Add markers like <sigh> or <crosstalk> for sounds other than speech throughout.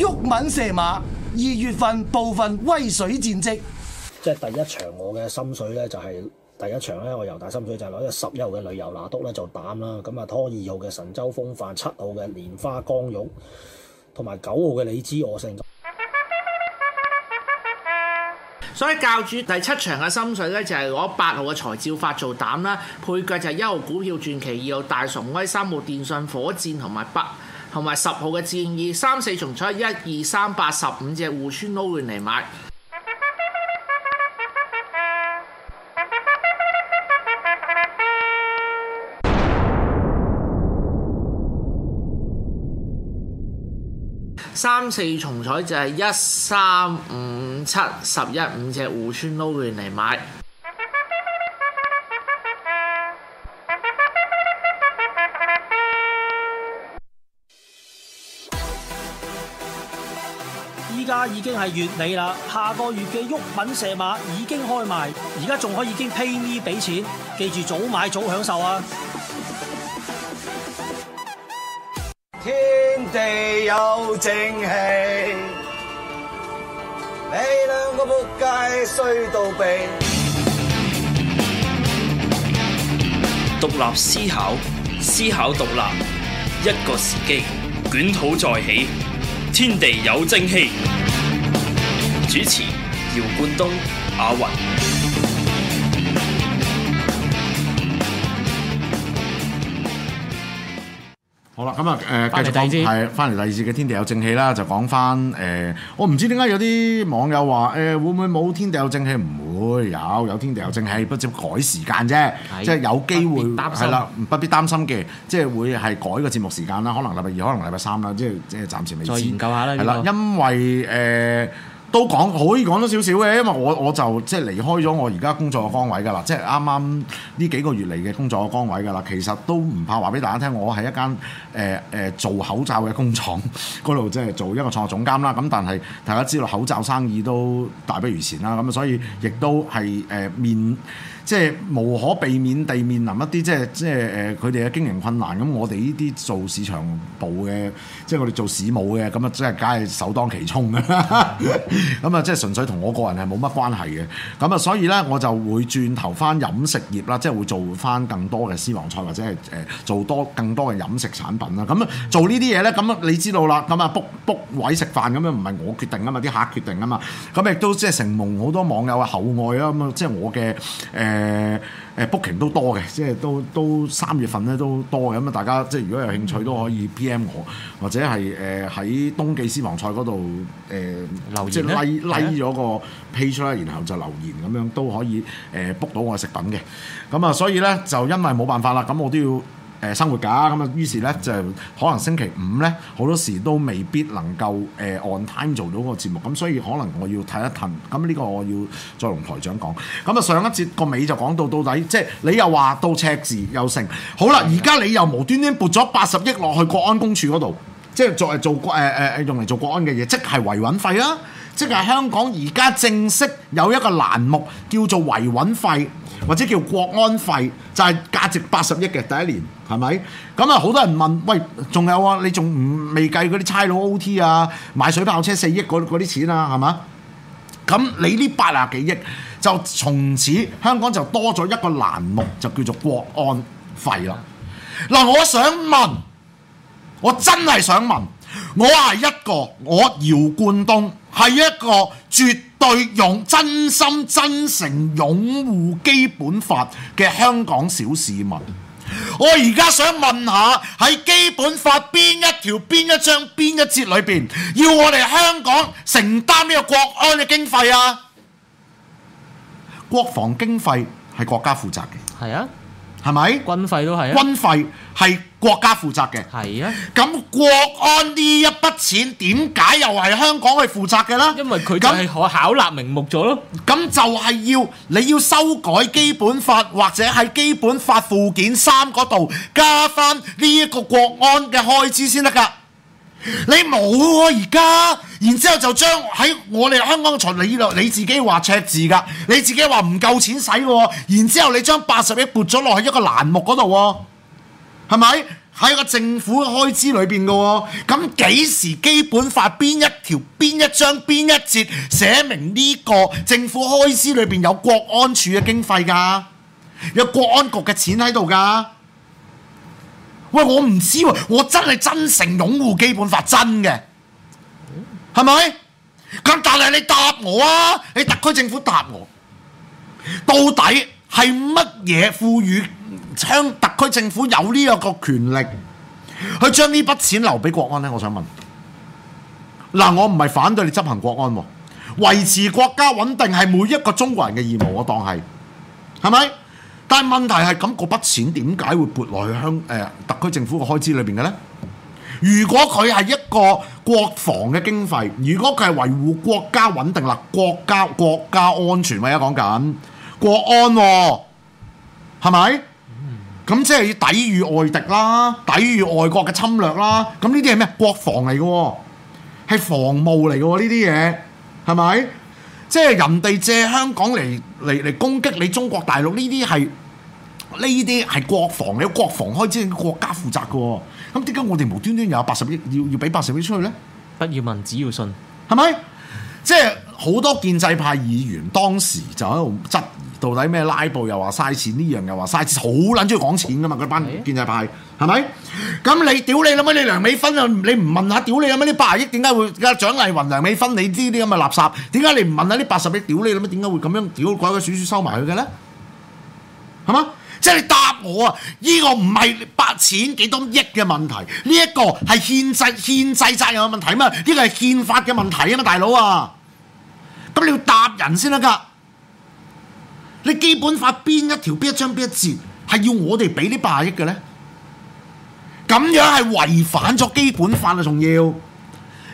毓民射馬二月份部分威水戰績，即係第一場我嘅心水呢，就係第一場咧，我由大心水就攞咗十一號嘅旅遊拿督咧做膽啦，咁啊拖二號嘅神州風範、七號嘅蓮花光玉同埋九號嘅你知我勝，所以教主第七場嘅心水呢，就係攞八號嘅財照發做膽啦，配腳就係一號股票傳奇、二號大崇威、三號電信火箭同埋北。同埋十號嘅戰意，三四重彩一二三八十五隻互串撈亂嚟買，三四重彩就係一三五七十一五隻互串撈亂嚟買。已經係月尾啦。下個月嘅郁品射馬已經開賣，而家仲可以經 pay me 俾錢，記住早買早享受啊！天地有正氣，你兩個仆街衰到痹！獨立思考，思考獨立，一個時機，捲土再起，天地有正氣。主持：姚冠東、阿云。好啦，咁啊，誒，繼續講係翻嚟第二節嘅《天地有正氣》啦，就講翻誒，我唔知點解有啲網友話誒會唔會冇《天地有正氣》？唔會有有《天地有正氣》，不只改時間啫，即係的有機會係啦，不必擔心嘅，即係會係改個節目時間啦，可能禮拜二，可能禮拜三啦，即即係暫時未知。再研究下啦，係啦，因為誒。呃都講可以講多少少嘅，因為我我就即係離開咗我而家工作嘅崗位㗎啦，即係啱啱呢幾個月嚟嘅工作嘅崗位㗎啦。其實都唔怕話俾大家聽，我喺一間誒誒、呃呃、做口罩嘅工廠嗰度，即係做一個創業總監啦。咁但係大家知道口罩生意都大不如前啦，咁所以亦都係誒面。即係無可避免地面臨一啲即係即係誒佢哋嘅經營困難，咁我哋呢啲做市場部嘅，即係我哋做市務嘅，咁啊真係梗係首當其衝嘅。咁 <laughs> 啊即係純粹同我個人係冇乜關係嘅。咁啊所以咧我就會轉頭翻飲食業啦，即係會做翻更多嘅私房菜或者係誒做多更多嘅飲食產品啦。咁啊做呢啲嘢咧，咁你知道啦，咁啊卜卜位食飯咁樣唔係我決定啊嘛，啲客決定啊嘛。咁亦都即係承蒙好多網友嘅厚愛啊，咁即係我嘅誒。呃誒誒、uh, booking 都多嘅，即係都都三月份咧都多嘅，咁啊大家即係如果有興趣都可以 PM 我，或者係誒喺冬季私房菜嗰度誒留言即係拉拉咗個 page 啦，然後就留言咁樣都可以誒、uh, book 到我嘅食品嘅，咁啊所以咧就因為冇辦法啦，咁我都要。誒生活㗎咁啊，於是咧就可能星期五咧好多時都未必能夠誒 on、呃、time 做到個節目，咁所以可能我要睇一睇。咁呢個我要再同台長講。咁啊，上一節個尾就講到到底，即係你又話到赤字又剩好啦。而家的你又無端端撥咗八十億落去國安公署嗰度，即係作為做誒誒、呃、用嚟做國安嘅嘢，即係維穩費啦、啊，即係香港而家正式有一個欄目叫做維穩費或者叫國安費，就係、是、價值八十億嘅第一年。係咪？咁啊，好多人問，喂，仲有啊？你仲未計嗰啲差佬 O T 啊、買水炮車四億嗰啲錢啊，係嘛？咁你呢八十幾億就從此香港就多咗一個欄目，就叫做國安費啦。嗱，我想問，我真係想問，我係一個我姚冠東，係一個絕對用真心、真誠擁護基本法嘅香港小市民。我而家想問下，喺基本法邊一條、邊一章、邊一節裏邊，要我哋香港承擔呢個國安嘅經費啊？國防經費係國家負責嘅。係啊。係咪？是是軍費都係啊！軍費係國家負責嘅。係啊。咁國安呢一筆錢點解又係香港去負責嘅呢？因為佢咁係巧立名目咗咯。咁就係要你要修改基本法或者喺基本法附件三嗰度加翻呢一個國安嘅開支先得㗎。你冇喎、啊，而家，然之後就將喺我哋香港台呢度，你自己話赤字噶，你自己話唔夠錢使喎，然之後你將八十億撥咗落去一個欄目嗰度喎，係咪喺個政府開支裏邊噶？咁幾時基本法邊一條、邊一章、邊一節寫明呢個政府開支裏邊有國安處嘅經費㗎？有國安局嘅錢喺度㗎？喂，我唔知喎，我真係真誠擁護基本法，真嘅，係咪？咁但係你答我啊，你特區政府答我，到底係乜嘢賦予將特區政府有呢一個權力去將呢筆錢留俾國安呢？我想問。嗱，我唔係反對你執行國安喎，維持國家穩定係每一個中國人嘅義務，我當係，係咪？但係問題係咁，嗰、那個、筆錢點解會撥來去香誒、呃、特區政府嘅開支裏邊嘅呢？如果佢係一個國防嘅經費，如果佢係維護國家穩定啦、國家國家安全，而家講緊國安喎、啊，係咪？咁即係要抵禦外敵啦，抵禦外國嘅侵略啦。咁呢啲係咩？國防嚟嘅，係防務嚟嘅呢啲嘢係咪？即係、就是、人哋借香港嚟嚟嚟攻擊你中國大陸呢啲係？呢啲係國防，有國防開支，國家負責嘅。咁點解我哋無端端有八十億要要俾八十億出去咧？不要問，只要信，係咪？即係好多建制派議員當時就喺度質疑，到底咩拉布，又話嘥錢呢樣，又話嘥錢，好撚中意講錢噶嘛？嗰班建制派係咪？咁你屌你諗乜？你梁美芬啊，你唔問下？屌你諗乜？呢八億點解會嘅蔣麗芸梁美芬？你知啲咁嘅垃圾？點解你唔問下？呢八十億屌你諗乜？點解會咁樣屌，鬼鬼鼠鼠收埋佢嘅咧？係嘛、嗯？即係你答我啊！呢、這個唔係八千幾多億嘅問題，呢、這、一個係憲制憲制責任嘅問題嘛？呢、這個係憲法嘅問題啊嘛，大佬啊！咁你要答人先得噶。你基本法邊一條、邊一章、邊一節係要我哋俾呢八十億嘅咧？咁樣係違反咗基本法啊！仲要，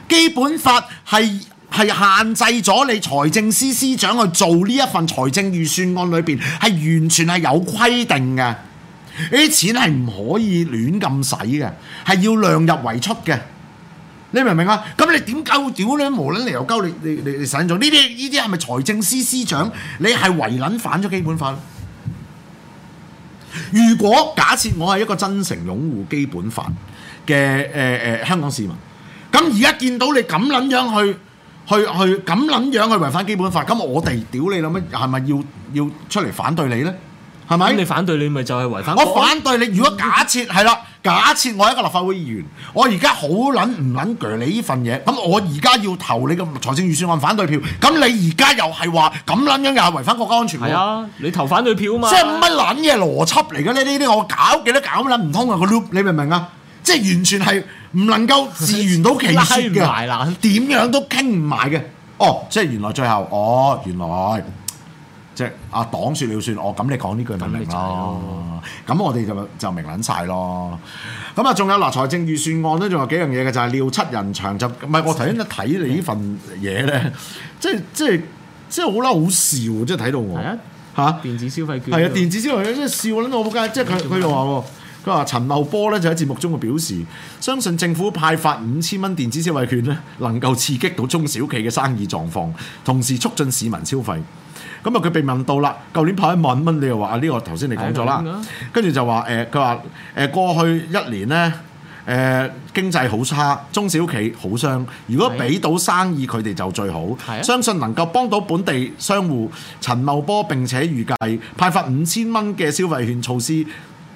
基本法係。係限制咗你財政司司長去做呢一份財政預算案裏邊，係完全係有規定嘅。呢啲錢係唔可以亂咁使嘅，係要量入為出嘅。你明唔明啊？咁你點交屌咧？無論嚟又交你你你你想做呢啲呢啲係咪財政司司長？你係違撚反咗基本法咯？如果假設我係一個真誠擁護基本法嘅誒誒香港市民，咁而家見到你咁撚樣去，去去咁撚樣去違反基本法，咁我哋屌你啦咩？係咪要要出嚟反對你咧？係咪？你反對你咪就係違反？我反對你。如果假設係啦、嗯，假設我係一個立法會議員，我而家好撚唔撚鋸你呢份嘢，咁我而家要投你嘅財政預算案反對票，咁你而家又係話咁撚樣又係違反國家安全？係啊，你投反對票嘛？即係乜撚嘢邏輯嚟嘅咧？呢啲我搞幾都搞都撚唔通啊！個 loop 你明唔明啊？即係完全係。唔能夠自圓到其說嘅，點樣都傾唔埋嘅。哦，即係原來最後，哦，原來即係阿黨說了算。哦，咁你講呢句咪明咯？咁、哦、我哋就就明撚晒咯。咁、嗯、啊，仲有嗱，財政預算案咧，仲有幾樣嘢嘅，就係、是、尿七人場就唔係我頭先睇你呢份嘢咧，即係即係即係好啦，好笑，即係睇到我嚇電子消費券係啊，電子消費券即係笑撚到我冇計，即係佢佢又話佢話陳茂波咧就喺節目中嘅表示，相信政府派發五千蚊電子消費券咧，能夠刺激到中小企嘅生意狀況，同時促進市民消費。咁啊，佢被問到啦，舊年派一萬蚊，你又話啊呢個頭先你講咗啦，跟住就話誒，佢話誒過去一年咧誒、呃、經濟好差，中小企好傷，如果俾到生意佢哋就最好，的相信能夠幫到本地商戶。陳茂波並且預計派發五千蚊嘅消費券措施。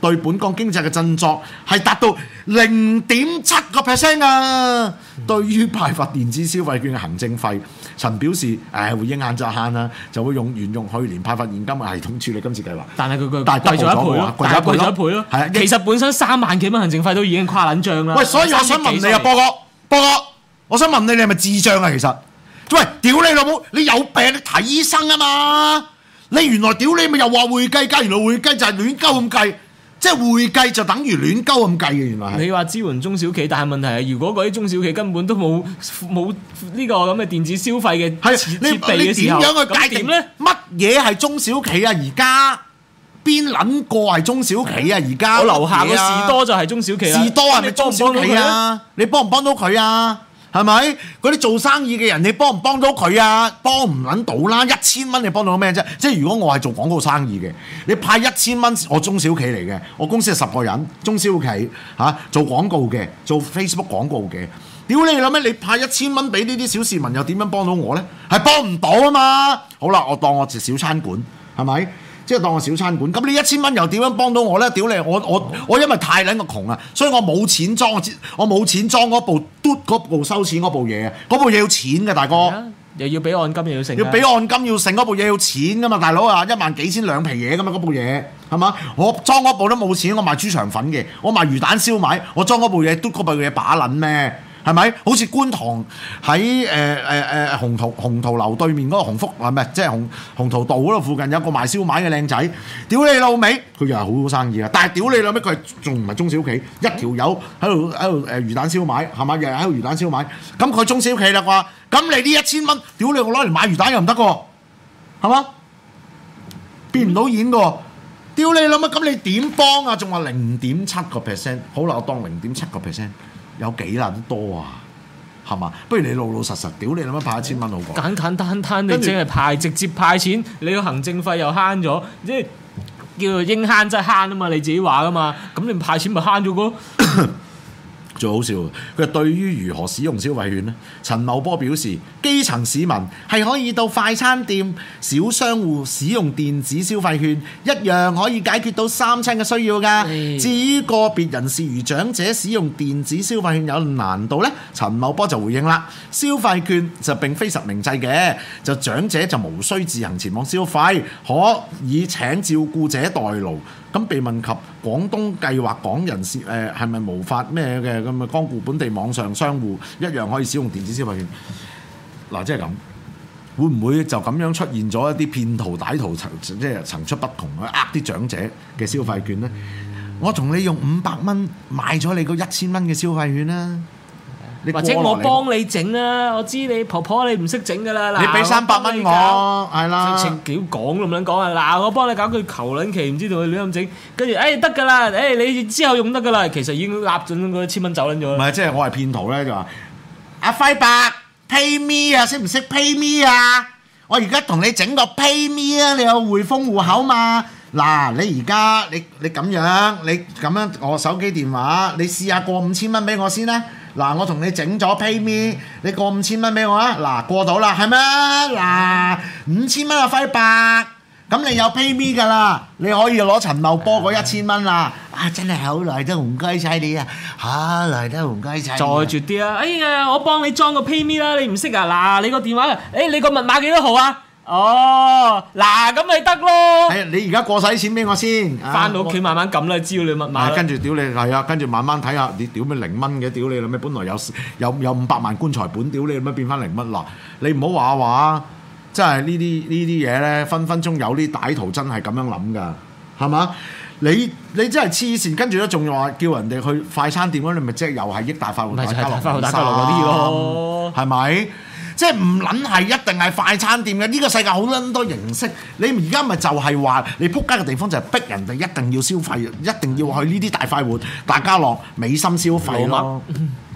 對本港經濟嘅振作係達到零點七個 percent 啊！對於派發電子消費券嘅行政費，陳表示誒，會應限就限啊，就會用沿用去年派發現金嘅系統處理今次計劃。但係佢佢貴咗一倍啊！貴咗貴咗一倍咯！係啊，其實本身三萬幾蚊行政費都已經誇撚張啦。喂，所以我想問你啊，波哥，波哥，我想問你，你係咪智障啊？其實，喂，屌你老母！你有病，你睇醫生啊嘛！你原來屌你咪又話會計，加原來會計，原來會計就係亂鳩咁計。即係會計就等於亂鳩咁計嘅，原來。你話支援中小企，但係問題係，如果嗰啲中小企根本都冇冇呢個咁嘅電子消費嘅設備嘅時候，點樣去界定咧？乜嘢係中小企啊？而家邊撚個係中小企啊？而家我樓下嘅士多就係中小企啦。士多係咪中小企啊？你幫唔幫到佢啊？係咪？嗰啲做生意嘅人，你幫唔幫到佢啊？幫唔撚到啦！一千蚊你幫到咩啫？即係如果我係做廣告生意嘅，你派一千蚊，我中小企嚟嘅，我公司係十個人，中小企嚇、啊、做廣告嘅，做 Facebook 廣告嘅，屌你諗咩？你派一千蚊俾呢啲小市民，又點樣幫到我呢？係幫唔到啊嘛！好啦，我當我食小餐館，係咪？即係當個小餐館，咁你一千蚊又點樣幫到我呢？屌你，我我我因為太撚個窮啊，所以我冇錢裝，我冇錢裝嗰部嘟嗰部收錢嗰部嘢，嗰部嘢要錢嘅大哥。嗯、又要俾按金，又要剩，要俾按金要剩嗰部嘢要錢噶嘛，大佬啊，一萬幾千兩皮嘢咁嘛，嗰部嘢係嘛？我裝嗰部都冇錢，我賣豬腸粉嘅，我賣魚蛋燒賣，我裝嗰部嘢嘟嗰部嘢把撚咩？係咪？好似觀塘喺誒誒誒鴻圖鴻圖樓對面嗰個福係咪紅福啊？唔係，即係紅鴻圖道嗰度附近有個賣燒賣嘅靚仔，屌你老味！佢又係好好生意啊！但係屌你老咩？佢仲唔係中小企？一條友喺度喺度誒魚蛋燒賣係嘛？又日喺度魚蛋燒賣，咁佢中小企啦啩？咁你呢一千蚊，屌你！我攞嚟買魚蛋又唔得嘅喎，係嘛？變唔到現嘅喎，屌你老咩？咁你點幫啊？仲話零點七個 percent，好啦，我當零點七個 percent。有幾撚多啊？係嘛？不如你老老實實屌，屌你諗乜派一千蚊好過？簡簡單單，單你凈係派後直接派錢，你個行政費又慳咗，即係叫做應慳即係慳啊嘛！你自己話噶嘛，咁你唔派錢咪慳咗個。 <coughs> 最好笑佢對於如何使用消費券呢？陳茂波表示，基層市民係可以到快餐店、小商戶使用電子消費券，一樣可以解決到三餐嘅需要㗎。的至於個別人士如長者使用電子消費券有難度呢？陳茂波就回應啦，消費券就並非實名制嘅，就長者就無需自行前往消費，可以請照顧者代勞。咁被問及廣東計劃港人士誒，係咪無法咩嘅咁啊，光顧本地網上商戶一樣可以使用電子消費券。嗱，即係咁，會唔會就咁樣出現咗一啲騙徒歹徒層即係層出不窮去呃啲長者嘅消費券呢？嗯，我同你用五百蚊買咗你個一千蚊嘅消費券呢。你或者我幫你整啦、啊，你我知你婆婆你唔識整噶啦。你俾三百蚊我，係弄是啦講，點講咁捻講啊？嗱，我幫你搞句求捻期，唔知道佢點咁整。跟住誒得噶啦，誒、哎哎、你之後用得噶啦。其實已經呃盡一千蚊走捻咗。唔、就、係、是，即係我係騙徒咧就話阿輝伯 pay me 啊，識唔識 pay me 啊？我而家同你整個 pay me 啊，你有匯豐戶口嘛？嗱，你而家你你咁樣，你咁樣，你樣,你樣我手機電話，你試下過，過五千蚊俾我先啦、啊。嗱，我同你整咗 PayMe，你過五千蚊俾我啊！嗱，過到啦，係咪？嗱， <music> 五千蚊啊，輝伯，咁你有 PayMe 噶啦，你可以攞陳茂波嗰一千蚊啦。啊，真係好嚟得洪雞仔你啊，啊嚟得洪雞仔。再絕啲啊！哎呀，我幫你裝個 PayMe 啦、啊啊，你唔識啊？嗱，你個電話，哎、你個密碼幾多少號啊？哦，嗱咁咪得咯。你而家過晒啲錢俾我先，翻到屋企、啊、慢慢撳啦，知你乜碼、哎。跟住屌你係啊，跟住慢慢睇下，你屌咩零蚊嘅，屌你啦咩？本來有有有五百萬棺材本，屌你咁樣變翻零蚊嗱，你唔好話啊話真係呢啲呢啲嘢呢，分分鐘有啲歹徒真係咁樣諗噶，係嘛？你你真係黐線，跟住咧仲要話叫人哋去快餐店嗰，你咪即係又係益大快活大家樂嗰啲咯，係咪？即係唔撚係一定係快餐店嘅，呢個世界好多咁多形式。你而家咪就係話，你仆街嘅地方就係逼人哋一定要消費，一定要去呢啲大快活、大家樂、美心消費咯。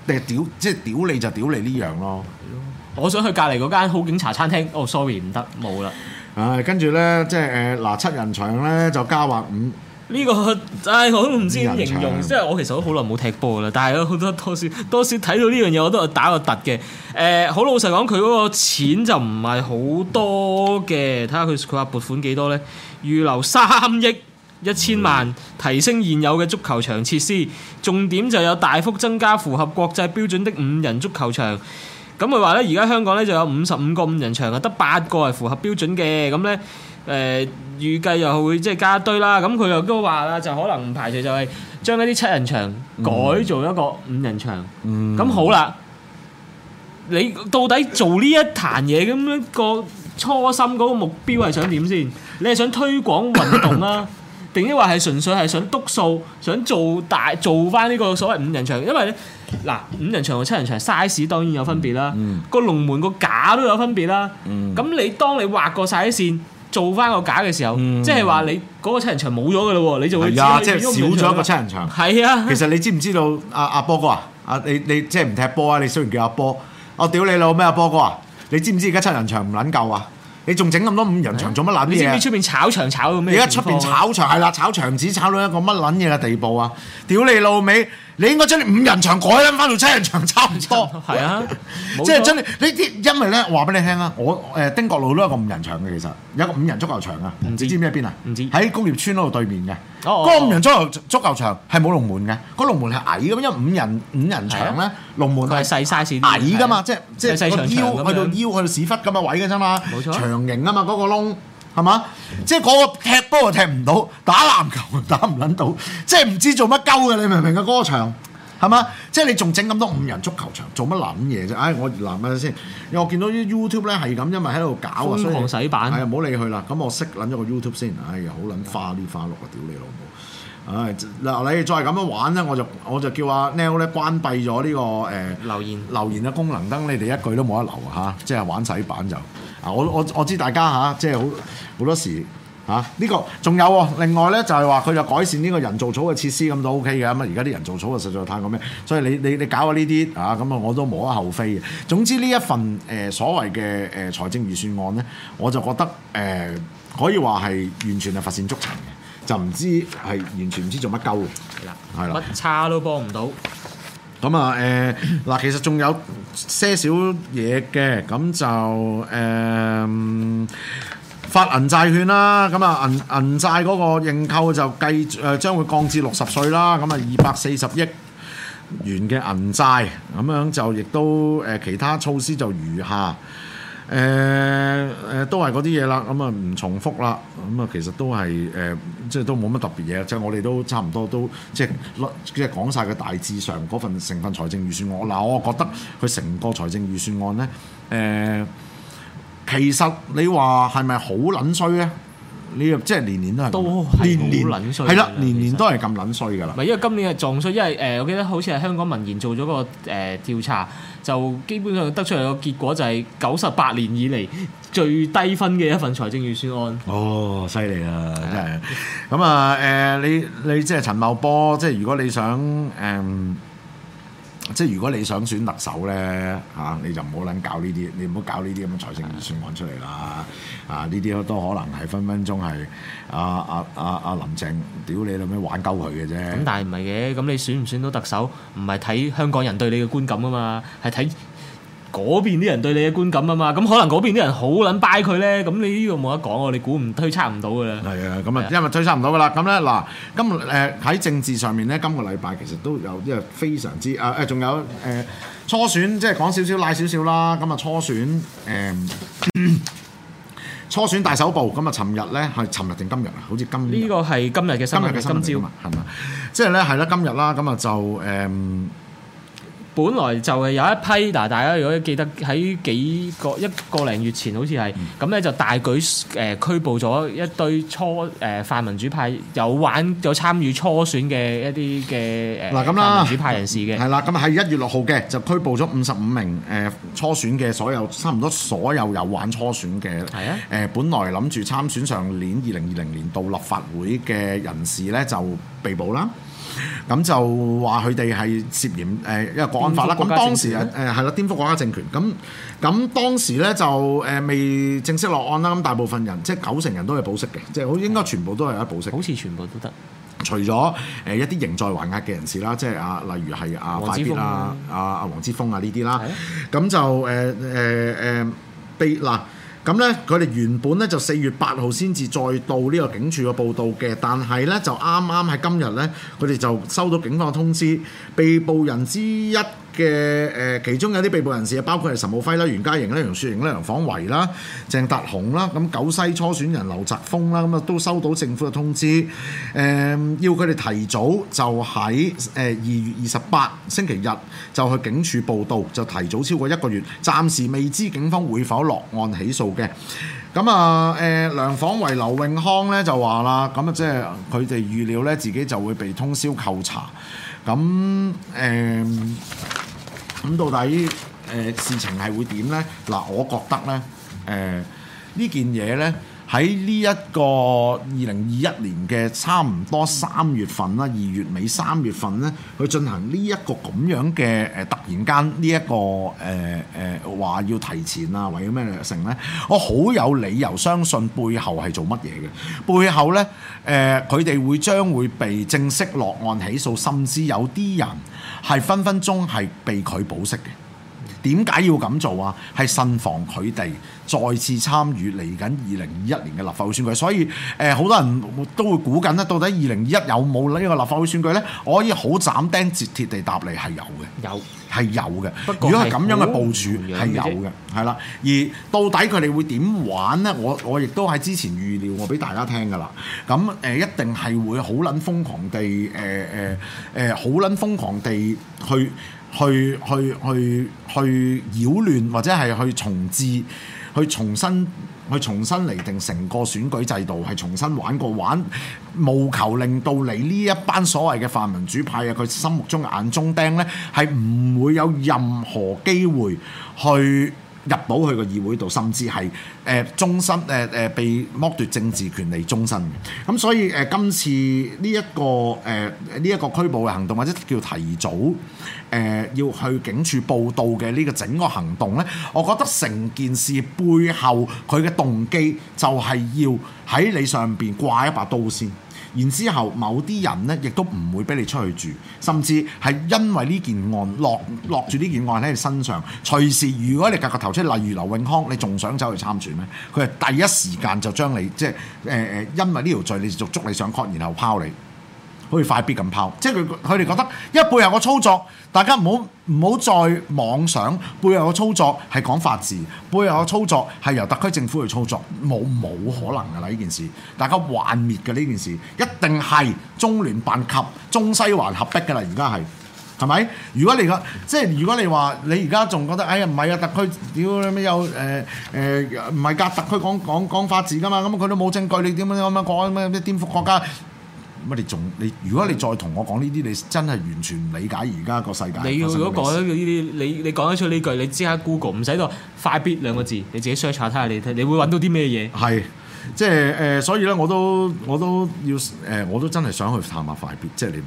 定係屌，即係屌你就屌你呢樣咯。我想去隔離嗰間好警察餐廳。哦，sorry，唔得，冇啦。唉，跟住呢，即係誒嗱，七人場呢，就加劃五。呢個，唉，我都唔知點形容。場即係我其實都好耐冇踢波啦，但係好多時多時睇到呢樣嘢，我都係打個突嘅。誒、呃，好老實講，佢嗰個錢就唔係好多嘅。睇下佢佢話撥款幾多呢？預留三億一千萬，提升現有嘅足球場設施，重點就有大幅增加符合國際標準的五人足球場。咁佢話呢？而家香港呢就有五十五個五人場，啊得八個係符合標準嘅，咁呢。誒，預計又會即係加一堆啦。咁佢又都話啦，就可能唔排除就係將一啲七人場改做一個五人場。咁好啦，你到底做呢一壇嘢咁樣個初心嗰個目標係想點先？你係想推廣運動啦，定抑或係純粹係想篤數，想做大做翻呢個所謂五人場？因為呢，嗱，五人場同七人場 size 當然有分別啦，個龍門個架都有分別啦。咁你當你畫過曬啲線。做翻個假嘅時候，即係話你嗰個七人場冇咗㗎喇喎，你就會係啊，即係少咗一個七人場。係啊，其實你知唔知道阿阿、啊啊啊、波哥啊？阿你你即係唔踢波啊？你雖然叫阿、啊、波，我、啊、屌你老咩啊波哥啊？你知唔知而家七人場唔撚夠啊？你仲整咁多五人場做乜、啊？嗱，你知唔知出邊炒場炒到咩、啊？而家出邊炒場係啦，炒場子炒到一個乜撚嘢嘅地步啊？屌你老味。啊。你應該將你五人場改翻翻到七人場，差唔多。係啊，即係將你呢啲，因為咧話俾你聽啊，我誒丁國路都有個五人場嘅，其實有個五人足球場啊。唔知知咩邊啊？唔知喺工業村嗰度對面嘅、哦、個五人足球足球場係冇龍門嘅，個龍門係矮咁，因為五人五人場咧、啊、龍門係、啊、細曬線矮㗎嘛，即係即係個腰去到腰去到屎忽咁嘅位嘅啫嘛，長形啊嘛嗰個窿。係嘛？即係嗰個踢波又踢唔到，打籃球又打唔撚到，即係唔知做乜鳩嘅，你明唔明啊？嗰個場係嘛？即係你仲整咁多五人足球場，做乜撚嘢啫？唉、哎，我諗下先，因為我見到啲 YouTube 咧係咁，因為喺度搞啊，所以瘋狂洗版，係啊、哎，唔好理佢啦。咁我識撚咗個 YouTube 先，唉、哎，呀，好撚花啲花綠啊！屌你老母！唉，嗱，你再咁樣玩咧，我就我就叫阿、啊、Neil 咧關閉咗呢、這個誒、呃、留言留言嘅功能，等你哋一句都冇得留吓、啊，即係玩洗版就。我我我知大家嚇、啊，即係好好多時嚇呢個仲有喎。另外咧就係話佢就改善呢個人造草嘅設施咁都 O K 嘅。咁啊而家啲人造草啊實在太過咩，所以你你你搞嘅呢啲嚇咁啊我都無可厚非嘅。總之呢一份誒、呃、所謂嘅誒財政預算案咧，我就覺得誒、呃、可以話係完全係乏善足陳嘅，就唔知係完全唔知做乜鳩嘅。係啦了，係啦了，乜叉都幫唔到。咁啊，誒嗱、嗯，其實仲有些少嘢嘅，咁就誒、嗯、發銀債券啦，咁啊銀銀債嗰個認購就計誒將會降至六十歲啦，咁啊二百四十億元嘅銀債，咁樣就亦都誒其他措施就如下。誒誒、呃、都係嗰啲嘢啦，咁啊唔重複啦，咁、嗯、啊其實都係誒、呃，即係都冇乜特別嘢，即係我哋都差唔多都即係即係講晒嘅大致上嗰份成份財政預算案。嗱，我覺得佢成個財政預算案咧，誒，其實你話係咪好撚衰咧？你又即係年年都係都年年撚衰，係啦的，實年年都係咁撚衰噶啦。唔係因為今年係仲衰，因為誒、呃，我記得好似係香港文研做咗、個誒、呃、調查。就基本上得出嚟個結果就係九十八年以嚟最低分嘅一份財政預算案。哦，犀利喇，真係。咁啊， <laughs> 誒、呃、你你即係陳茂波，即係如果你想誒，呃即係如果你想選特首咧嚇、啊，你就唔好撚搞呢啲，你唔好搞呢啲咁嘅財政預算案出嚟啦！啊，呢啲都可能係分分鐘係阿阿阿阿林鄭屌你諗咩玩鳩佢嘅啫。咁但係唔係嘅，咁你選唔選到特首唔係睇香港人對你嘅觀感啊嘛，係睇。嗰邊啲人對你嘅觀感啊嘛，咁可能嗰邊啲人好撚掰佢咧，咁你呢個冇得講喎，你估唔推測唔到噶啦。係啊，咁啊，因為推測唔到噶啦。咁咧嗱，今誒喺、呃、政治上面咧，今個禮拜其實都有啲係非常之誒誒，仲、呃、有誒、呃、初選，即係講少少拉少少啦。咁啊，初選誒、呃、初選大首部，咁啊，尋日咧係尋日定今日啊？好似今呢個係今日嘅今日嘅新聞啊嘛，係嘛今早？即係咧，係啦，今日啦，咁啊就誒。呃本來就係有一批，嗱，大家如果記得喺幾個一個零月前，好似係咁咧，就大舉誒拘捕咗一堆初誒泛民主派有玩有參與初選嘅一啲嘅誒泛民主派人士嘅。係啦，咁喺一月六號嘅就拘捕咗五十五名誒初選嘅所有差唔多所有有玩初選嘅。係啊，誒本來諗住參選上年二零二零年度立法會嘅人士咧，就被捕啦。咁就話佢哋係涉嫌誒，因為國安法啦。咁當時誒係啦，顛覆國家政權。咁咁當時咧、嗯嗯、就誒未正式落案啦。咁大部分人即係、就是、九成人都係保釋嘅，即係應該全部都係有得保釋。好似全部都得，除咗誒一啲仍在還押嘅人士啦，即係啊，例如係啊，快必啦、啊，啊啊黃之鋒啊呢啲啦。咁的就誒誒誒被嗱。呃呃呃呃咁咧，佢哋原本咧就四月八號先至再到呢個警署嘅報到嘅，但係咧就啱啱喺今日咧，佢哋就收到警方通知，被捕人之一，嘅誒，其中有啲被捕人士啊，包括係岑敖暉啦、袁嘉瑩啦、楊雪盈啦、梁晃維啦、鄭達鴻啦，咁九西初選人劉澤鋒啦，咁啊都收到政府嘅通知，誒、嗯、要佢哋提早就喺誒二月二十八星期日就去警署報到，就提早超過一個月。暫時未知警方會否落案起訴嘅。咁啊誒，梁晃維、劉頴匡咧就話啦，咁、嗯、啊即係佢哋預料咧自己就會被通宵扣查。咁、嗯、誒。嗯咁到底誒、呃、事情係會點呢？嗱，我覺得呢，誒呢件嘢呢，喺、呃、呢一個二零二一年嘅差唔多三月份啦，二月尾三月份呢，去進行呢一個咁樣嘅誒、呃、突然間呢一個誒誒話要提前啊，或者咩成呢？我好有理由相信背後係做乜嘢嘅？背後呢，誒佢哋會將會被正式落案起訴，甚至有啲人。係分分鐘係被佢保釋嘅。點解要咁做啊？係慎防佢哋再次參與嚟緊二零二一年嘅立法會選舉，所以誒好、呃、多人都會估緊咧，到底二零二一有冇呢個立法會選舉呢？我可以好斬釘截鐵地答你係有嘅，有係有嘅。不過如果係咁樣嘅部署係有嘅，係啦。而到底佢哋會點玩呢？我我亦都喺之前預料過俾大家聽㗎啦。咁誒、呃、一定係會好撚瘋狂地誒誒誒，好撚瘋狂地去。去去去去擾亂或者係去重置，去重新去重新釐定成個選舉制度，係重新玩過玩，務求令到你呢一班所謂嘅泛民主派啊，佢心目中眼中釘咧，係唔會有任何機會去入到佢個議會度，甚至係誒、呃、終身誒誒、呃、被剝奪政治權利終身。咁所以誒、呃、今次呢、這、一個誒呢一個拘捕嘅行動或者叫提早。誒、呃、要去警署報到嘅呢個整個行動呢，我覺得成件事背後佢嘅動機就係要喺你上邊掛一把刀先，然之後某啲人呢，亦都唔會俾你出去住，甚至係因為呢件案落落住呢件案喺你身上，隨時如果你個頭出例如劉永康，你仲想走去參選咩？佢係第一時間就將你即係、呃、因為呢條罪你續捉你上 court 然後拋你。可以快啲咁拋，即係佢佢哋覺得，因為背後嘅操作，大家唔好唔好再妄想背後嘅操作係講法治，背後嘅操作係由特區政府去操作，冇冇可能噶啦，呢件事，大家幻滅嘅呢件事，一定係中聯辦及中西環合璧噶啦，而家係係咪？如果你個即係如果你話你而家仲覺得，哎呀唔係啊，特區屌你咩有誒誒唔係隔特區講講講法治噶嘛，咁佢都冇證據，你點樣點樣講咩咩顛覆國家？乜你仲你？如果你再同我講呢啲，你真係完全唔理解而家個世界。你要如果講咗呢啲，你你講得出呢句，你知下 Google，唔使到快必兩個字，你自己 search 下睇下你睇，你會揾到啲咩嘢？係，即係誒，所以咧，我都我都要誒、呃，我都真係想去探下快必，即係你問。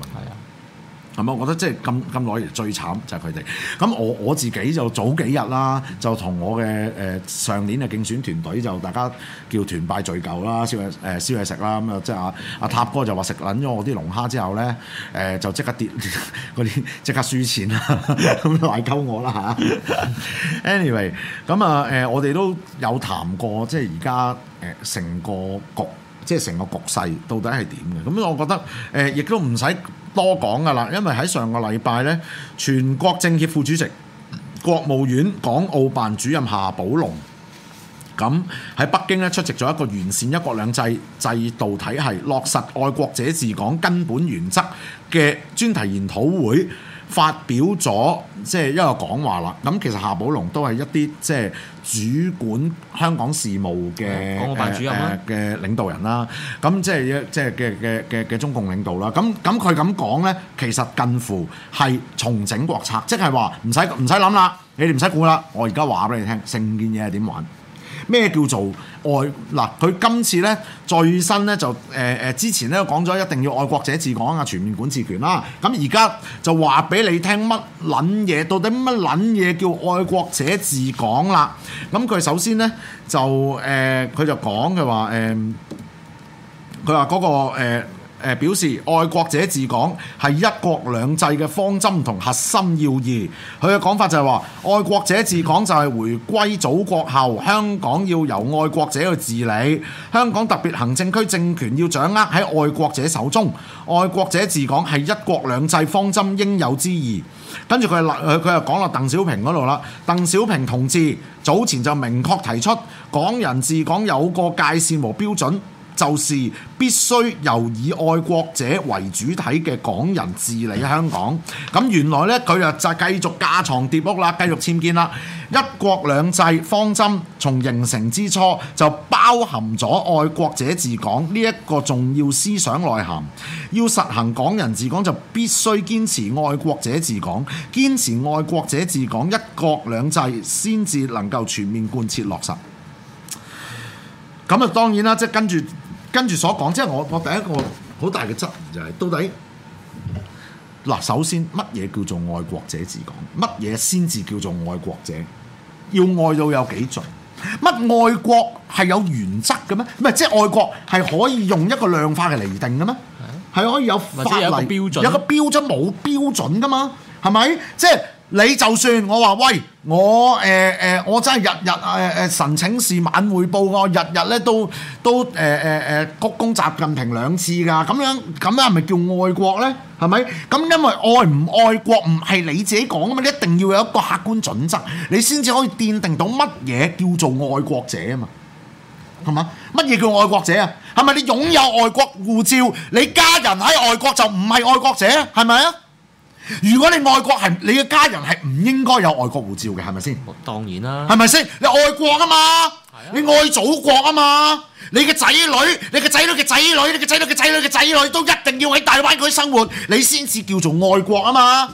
係我覺得即係咁咁耐嚟最慘就係佢哋。咁我我自己就早幾日啦，就同我嘅誒上年嘅競選團隊就大家叫團拜聚舊啦，燒嘢誒燒嘢食啦。咁、嗯、啊即係阿阿塔哥就話食撚咗我啲龍蝦之後咧，誒、呃、就即刻跌啲，即刻輸錢啦。咁賴鳩我啦嚇。 <laughs> Anyway，咁啊誒，我哋都有談過，即係而家誒成個局，即係成個局勢到底係點嘅。咁我覺得誒亦、呃、都唔使。多講㗎喇，因為喺上個禮拜咧，全國政協副主席、國務院港澳辦主任夏寶龍咁喺北京咧，出席咗一個完善一國兩制制度體系、落實愛國者治港根本原則嘅專題研討會。發表咗即係一個講話啦，咁其實夏寶龍都係一啲即係主管香港事務嘅辦主任嘅領導人啦，咁、就是、即係即係嘅嘅嘅嘅中共領導啦，咁咁佢咁講呢，其實近乎係重整國策，即係話唔使唔使諗啦，你哋唔使估啦，我而家話俾你聽，成件嘢係點玩。咩叫做愛嗱？佢今次咧最新咧就誒誒、呃，之前咧講咗一定要愛國者治港啊，全面管治權啦。咁而家就話俾你聽乜撚嘢？到底乜撚嘢叫愛國者治港啦？咁、啊、佢首先咧就誒，佢、呃、就講嘅話誒，佢話嗰個、呃表示愛國者治港係一國兩制嘅方針同核心要義。佢嘅講法就係話，愛國者治港就係回歸祖國後，香港要由愛國者去治理。香港特別行政區政權要掌握喺愛國者手中。愛國者治港係一國兩制方針應有之義。跟住佢佢又講落鄧小平嗰度啦。鄧小平同志早前就明確提出，港人治港有個界線和標準。就是必須由以愛國者為主體嘅港人治理香港。咁原來呢，佢又就繼續架床疊屋啦，繼續僭建啦。一國兩制方針從形成之初就包含咗愛國者治港呢一個重要思想內涵。要實行港人治港，就必須堅持愛國者治港。堅持愛國者治港，一國兩制先至能夠全面貫徹落實。咁啊，當然啦，即、就是、跟住。跟住所講，即係我我第一個好大嘅質疑就係、是，到底嗱首先乜嘢叫做愛國者治港？乜嘢先至叫做愛國者？要愛到有幾盡？乜愛國係有原則嘅咩？唔係即係愛國係可以用一個量化嘅嚟定嘅咩？係、啊、可以有法例有個標準冇標準㗎嘛？係咪即係？你就算我話喂，我誒誒、呃，我真係日日誒誒晨請示晚彙報我天天，日日咧都都誒誒誒鞠躬習近平兩次噶，咁樣咁樣係咪叫愛國咧？係咪？咁因為愛唔愛國唔係你自己講啊嘛，你一定要有一個客觀準則，你先至可以奠定到乜嘢叫做愛國者啊嘛，係嘛？乜嘢叫愛國者啊？係咪你擁有外國護照，你家人喺外國就唔係愛國者，係咪啊？如果你愛國係，你嘅家人係唔應該有外國護照嘅，係咪先？當然啦，係咪先？你愛國啊嘛，你愛祖國啊嘛，你嘅仔女、你嘅仔女嘅仔女、你嘅仔女嘅仔女嘅仔女都一定要喺大灣區生活，你先至叫做愛國啊嘛。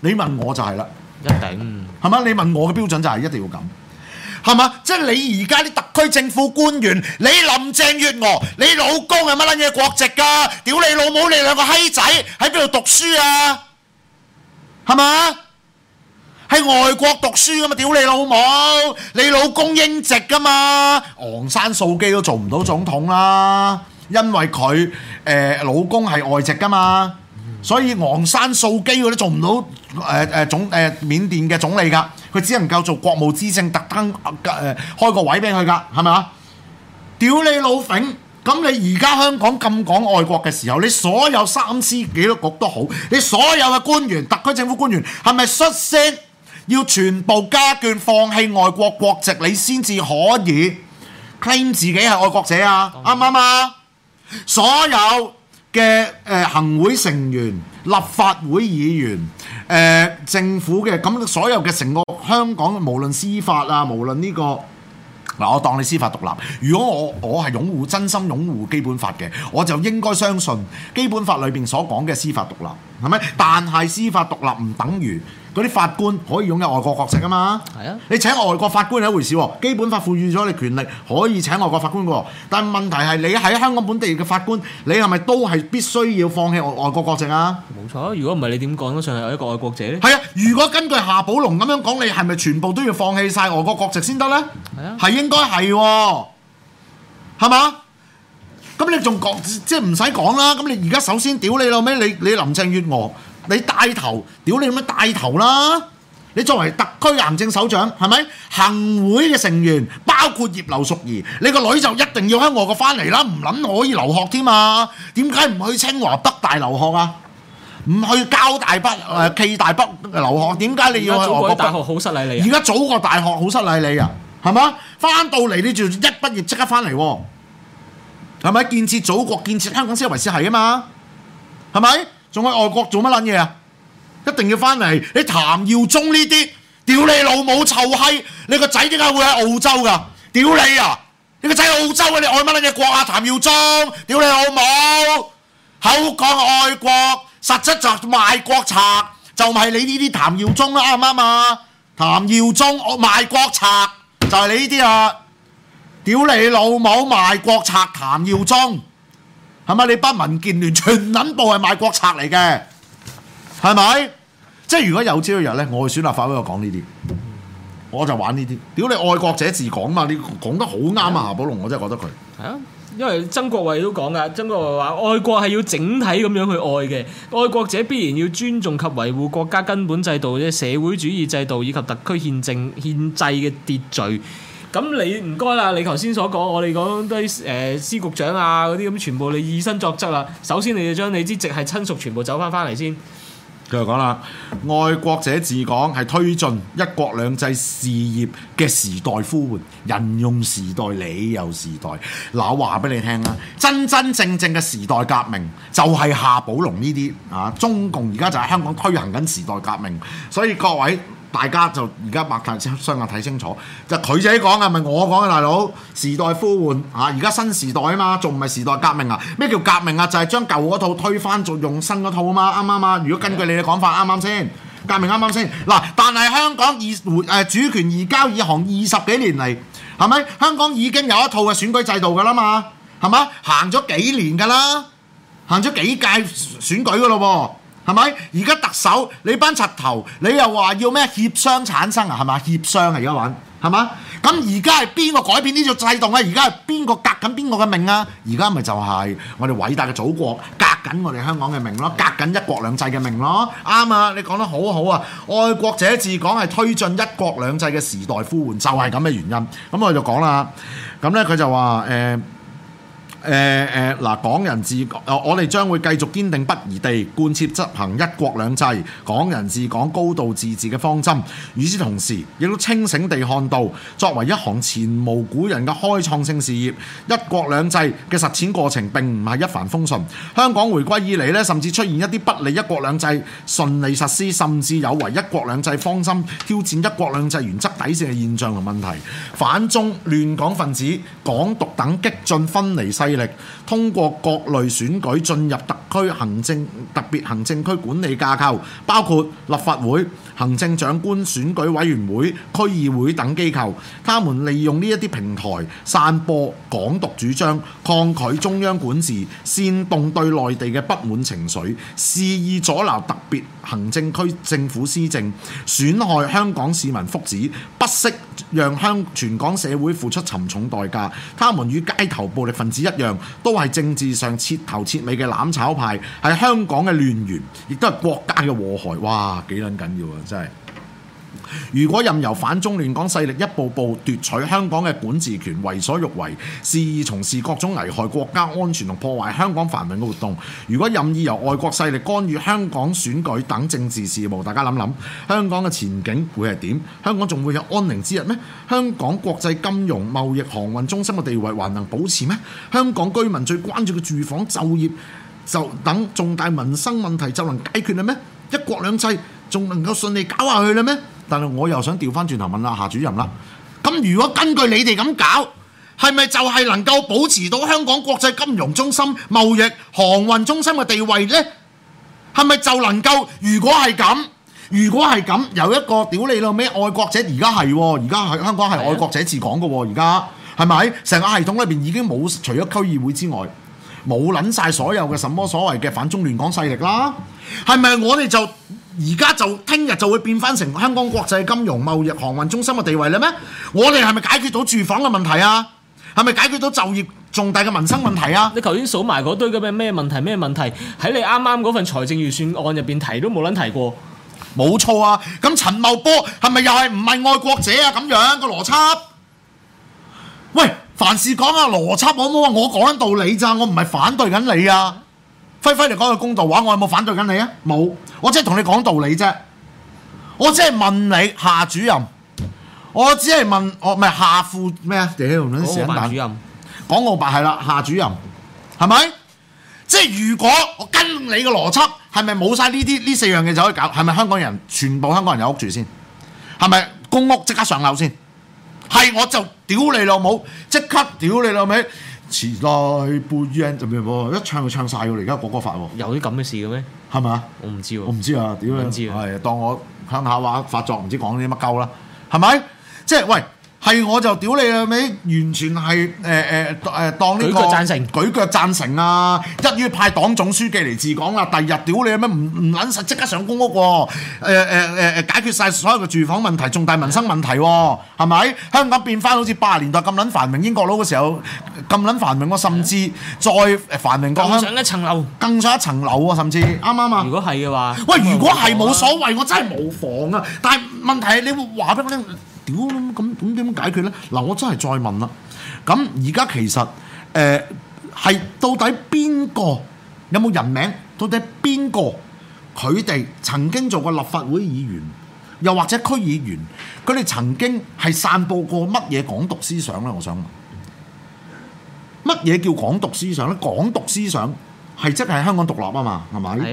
你問我就係啦，一定係嘛？你問我嘅標準就係一定要咁，係嘛？即係你而家啲特區政府官員，你林鄭月娥，你老公係乜撚嘢國籍噶？屌你老母，你兩個閪仔喺邊度讀書啊？係嘛？喺外國讀書噶嘛，屌你老母！你老公英籍噶嘛？昂山素姬都做唔到總統啦，因為佢誒、呃、老公係外籍噶嘛，所以昂山素姬佢都做唔到誒誒、呃、總誒、呃、緬甸嘅總理噶，佢只能夠做國務資政，特登誒、呃、開個位俾佢噶，係咪？屌你老馮！咁你而家香港咁講愛國嘅時候，你所有三司幾多局都好，你所有嘅官員、特區政府官員係咪率先要全部家眷放棄外國國籍，你先至可以 claim 自己係愛國者啊？啱唔啱啊？所有嘅誒、呃、行會成員、立法會議員、誒、呃、政府嘅咁所有嘅成個香港，無論司法啊，無論呢、這個。我當你司法獨立。如果我我係擁護、真心擁護基本法嘅，我就應該相信基本法裏面所講嘅司法獨立，係咪？但係司法獨立唔等於。嗰啲法官可以擁有外國國籍啊嘛，係啊，你請外國法官係一回事，啊，基本法賦予咗你權力可以請外國法官喎，啊，但係問題係你喺香港本地嘅法官，你係咪都係必須要放棄外外國國籍啊？冇錯，如果唔係你點講得上係一個愛國者咧？係啊，如果根據夏寶龍咁樣講，你係咪全部都要放棄晒外國國籍先得咧？係啊，係應該係喎，啊，係嘛？咁你仲講即係唔使講啦，咁你而家首先屌你老咩？你你，你林鄭月娥？你帶頭，屌你咁樣帶頭啦？你作為特區行政首長，係咪行會嘅成員，包括葉劉淑儀，你個女就一定要喺外國翻嚟啦？唔諗可以留學添嘛？點解唔去清華、北大留學啊？唔去交大、北誒暨大北留學，點解你要去外國大學？好失禮你！而家祖國大學好失禮你啊？係嘛？翻到嚟你就一畢業即刻翻嚟喎？係咪建設祖國、建設香港先為先係啊嘛？係咪？仲喺外國做乜撚嘢啊？一定要翻嚟！你譚耀宗呢啲，屌你老母臭閪！你個仔點解會喺澳洲噶？屌你啊！你個仔澳洲啊！你愛乜撚嘢國啊？譚耀宗，屌你老母！口講愛國，實質就賣國賊，就係你呢啲譚耀宗啦，啱唔啱啊？譚耀宗，我賣國賊就係你呢啲啊！屌你老母賣國賊，譚耀宗！係咪你班民建聯全撚部係賣國賊嚟嘅？係咪？即係如果有朝一日咧，我會選立法會，我講呢啲，我就玩呢啲。屌你，愛國者自講啊嘛！你講得好啱啊，夏寶龍，我真係覺得佢係啊，因為曾國衞都講㗎，曾國衞話愛國係要整體咁樣去愛嘅，愛國者必然要尊重及維護國家根本制度即社會主義制度以及特區憲政憲制嘅秩序。咁你唔該啦，你頭先所講，我哋講啲誒司局長啊嗰啲咁，全部你以身作則啦。首先你要將你啲直係親屬全部走翻翻嚟先。繼續講啦，愛國者治港係推進一國兩制事業嘅時代呼喚，人用時代，理由時代。嗱，我話俾你聽啦，真真正正嘅時代革命就係夏寶龍呢啲啊！中共而家就喺香港推行緊時代革命，所以各位。大家就而家擘大雙眼睇清楚，就佢、是、自己講嘅，唔係我講嘅，大佬時代呼喚啊！而家新時代啊嘛，仲唔係時代革命啊？咩叫革命啊？就係、是、將舊嗰套推翻，做用新嗰套啊嘛，啱啱啊？如果根據你嘅講法，啱啱先？革命啱啱先？嗱，但係香港二回、呃、主權移交以行二十幾年嚟，係咪香港已經有一套嘅選舉制度㗎啦嘛？係咪行咗幾年㗎啦？行咗幾屆選舉㗎咯喎？係咪？而家特首你班柒頭，你又話要咩協商產生啊？係咪？協商啊！而家玩係嘛？咁而家係邊個改變呢條制度啊？而家係邊個革緊邊個嘅命啊？而家咪就係我哋偉大嘅祖國革緊我哋香港嘅命咯、啊，革緊一國兩制嘅命咯、啊。啱啊！你講得好好啊！愛國者治港係推進一國兩制嘅時代呼喚，就係咁嘅原因。咁我就講啦。咁呢，佢就話誒。誒誒嗱，港人治港、呃，我哋將會繼續堅定不移地貫徹執行一國兩制、港人治港高度自治嘅方針。與此同時，亦都清醒地看到，作為一行前無古人嘅開創性事業，一國兩制嘅實踐過程並唔係一帆風順。香港回歸以嚟咧，甚至出現一啲不利一國兩制順利實施，甚至有違一國兩制方針、挑戰一國兩制原則底線嘅現象同問題。反中亂港分子、港獨等激進分離勢力通過各類選舉進入特區行政特別行政區管理架構，包括立法會、行政長官選舉委員會、區議會等機構，他們利用呢一啲平台散播港獨主張，抗拒中央管治，煽動對內地嘅不滿情緒，肆意阻撓特別行政區政府施政，損害香港市民福祉，不惜讓香全港社會付出沉重代價，他們與街頭暴力分子一樣，都係政治上徹頭徹尾嘅攬炒派，係香港嘅亂源，亦都係國家嘅禍害。哇，幾撚緊要啊！真係。如果任由反中亂港勢力一步步奪取香港嘅管治權，為所欲為，肆意從事各種危害國家安全同破壞香港繁榮嘅活動；如果任意由外國勢力干預香港選舉等政治事務，大家諗諗，香港嘅前景會係點？香港仲會有安寧之日咩？香港國際金融、貿易、航運中心嘅地位還能保持咩？香港居民最關注嘅住房、就業就等重大民生問題就能解決嘞咩？一國兩制仲能夠順利搞下去嘞咩？但係我又想調翻轉頭問下夏主任啦。咁如果根據你哋咁搞，係咪就係能夠保持到香港國際金融中心、貿易、航運中心嘅地位呢？係咪就能夠？如果係咁，如果係咁，有一個屌你老味愛國者，而家係，而家喺香港係愛國者治港嘅，而家係咪？成個系統裏邊已經冇除咗區議會之外，冇撚晒所有嘅什麼所謂嘅反中亂港勢力啦。係咪我哋就？而家就聽日就會變翻成香港國際金融貿易航運中心嘅地位喇咩？我哋係咪解決到住房嘅問題啊？係咪解決到就業重大嘅民生問題啊？你頭先數埋嗰堆咁嘅咩問題咩問題，喺你啱啱嗰份財政預算案入邊提都冇撚提過，冇錯啊！咁陳茂波係咪又係唔係愛國者啊？咁樣個邏輯，喂，凡事講下邏輯好唔好啊？我講緊道理咋，我唔係反對緊你啊！輝輝嚟講句公道話，我有冇反對緊你啊？冇，我只係同你講道理啫。我只係問你，夏主任，我只係問我唔係夏副咩啊？地鐵龍輪主任，港澳辦係啦，夏主任係咪？即係如果我跟你嘅邏輯，係咪冇晒呢啲呢四樣嘢就可以搞？係咪香港人全部香港人有屋住先？係咪公屋即刻上樓先？係，我就屌你老母，即刻屌你老味！媽媽時代 b e 一唱就唱晒喎！而家國歌法喎。有啲咁嘅事嘅咩？係嘛吧？我唔知喎。我唔知啊，點樣知啊？係、啊啊、當我鄉下話發作，唔知講啲乜鳩啦，係咪？即係喂，係我就屌你啊！尾，完全係誒誒誒當呢、這個舉贊成，舉腳贊成啊！一於派黨總書記嚟治港啦，第二日屌你啊！咩唔唔撚實即刻上公屋喎、啊？誒誒誒解決晒所有嘅住房問題、重大民生問題喎、啊？係咪？香港變翻好似八十年代咁撚繁榮英國佬嘅時候？咁撚繁榮，我甚至再繁榮更，更上一層樓，更上一層樓喎，甚至啱啱啊？如果係嘅話，喂，如果係冇所謂，我真係冇房啊！但係問題係你會話俾我聽，屌咁咁點解決咧？嗱，我真係再問啦。咁而家其實誒係、呃、到底邊個有冇人名？到底邊個佢哋曾經做過立法會議員，又或者區議員？佢哋曾經係散佈過乜嘢港獨思想咧？我想問。乜嘢叫港獨思想咧？港獨思想係即係香港獨立啊嘛，係咪？嗎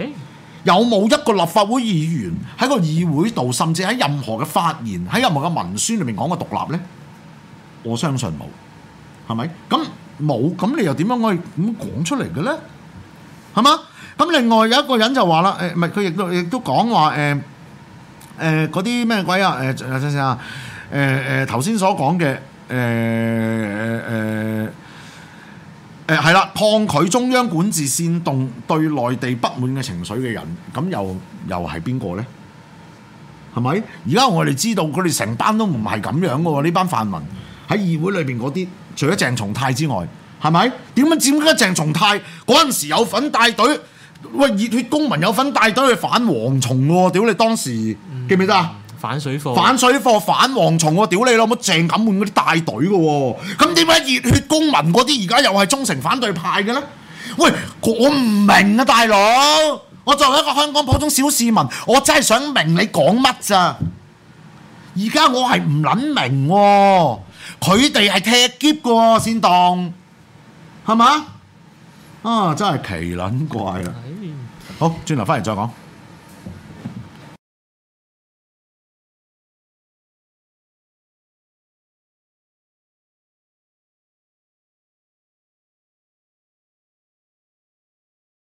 有冇一個立法會議員喺個議會度，甚至喺任何嘅發言喺任何嘅文宣裏面講過獨立咧？我相信冇，係咪？咁冇咁，你又點樣可以咁講出嚟嘅咧？係嘛？咁另外有一個人就話啦，誒唔係佢亦都亦都講話誒誒嗰啲咩鬼啊？誒、欸，等陣先啊！誒頭先所講嘅誒誒誒。欸呃呃呃誒係啦，抗拒中央管治煽動、對內地不滿嘅情緒嘅人，咁又又係邊個呢？係咪？而家我哋知道佢哋成班都唔係咁樣嘅喎，呢班泛民喺議會裏邊嗰啲，除咗鄭松泰之外，係咪？點解只不過鄭松泰嗰陣時有份帶隊，喂，熱血公民有份帶隊去反蝗蟲喎？屌你當時記唔記得啊？反水貨，反水貨，反蝗蟲我屌你老母正咁換嗰啲大隊嘅，咁點解熱血公民嗰啲而家又係忠誠反對派嘅咧？喂，我唔明啊，大佬，我作為一個香港普通小市民，我真係想明你講乜咋？而家我係唔捻明，啊，佢哋係踢劫嘅、啊、先當，係嘛？啊，真係奇捻怪啊！好，轉頭翻嚟再講。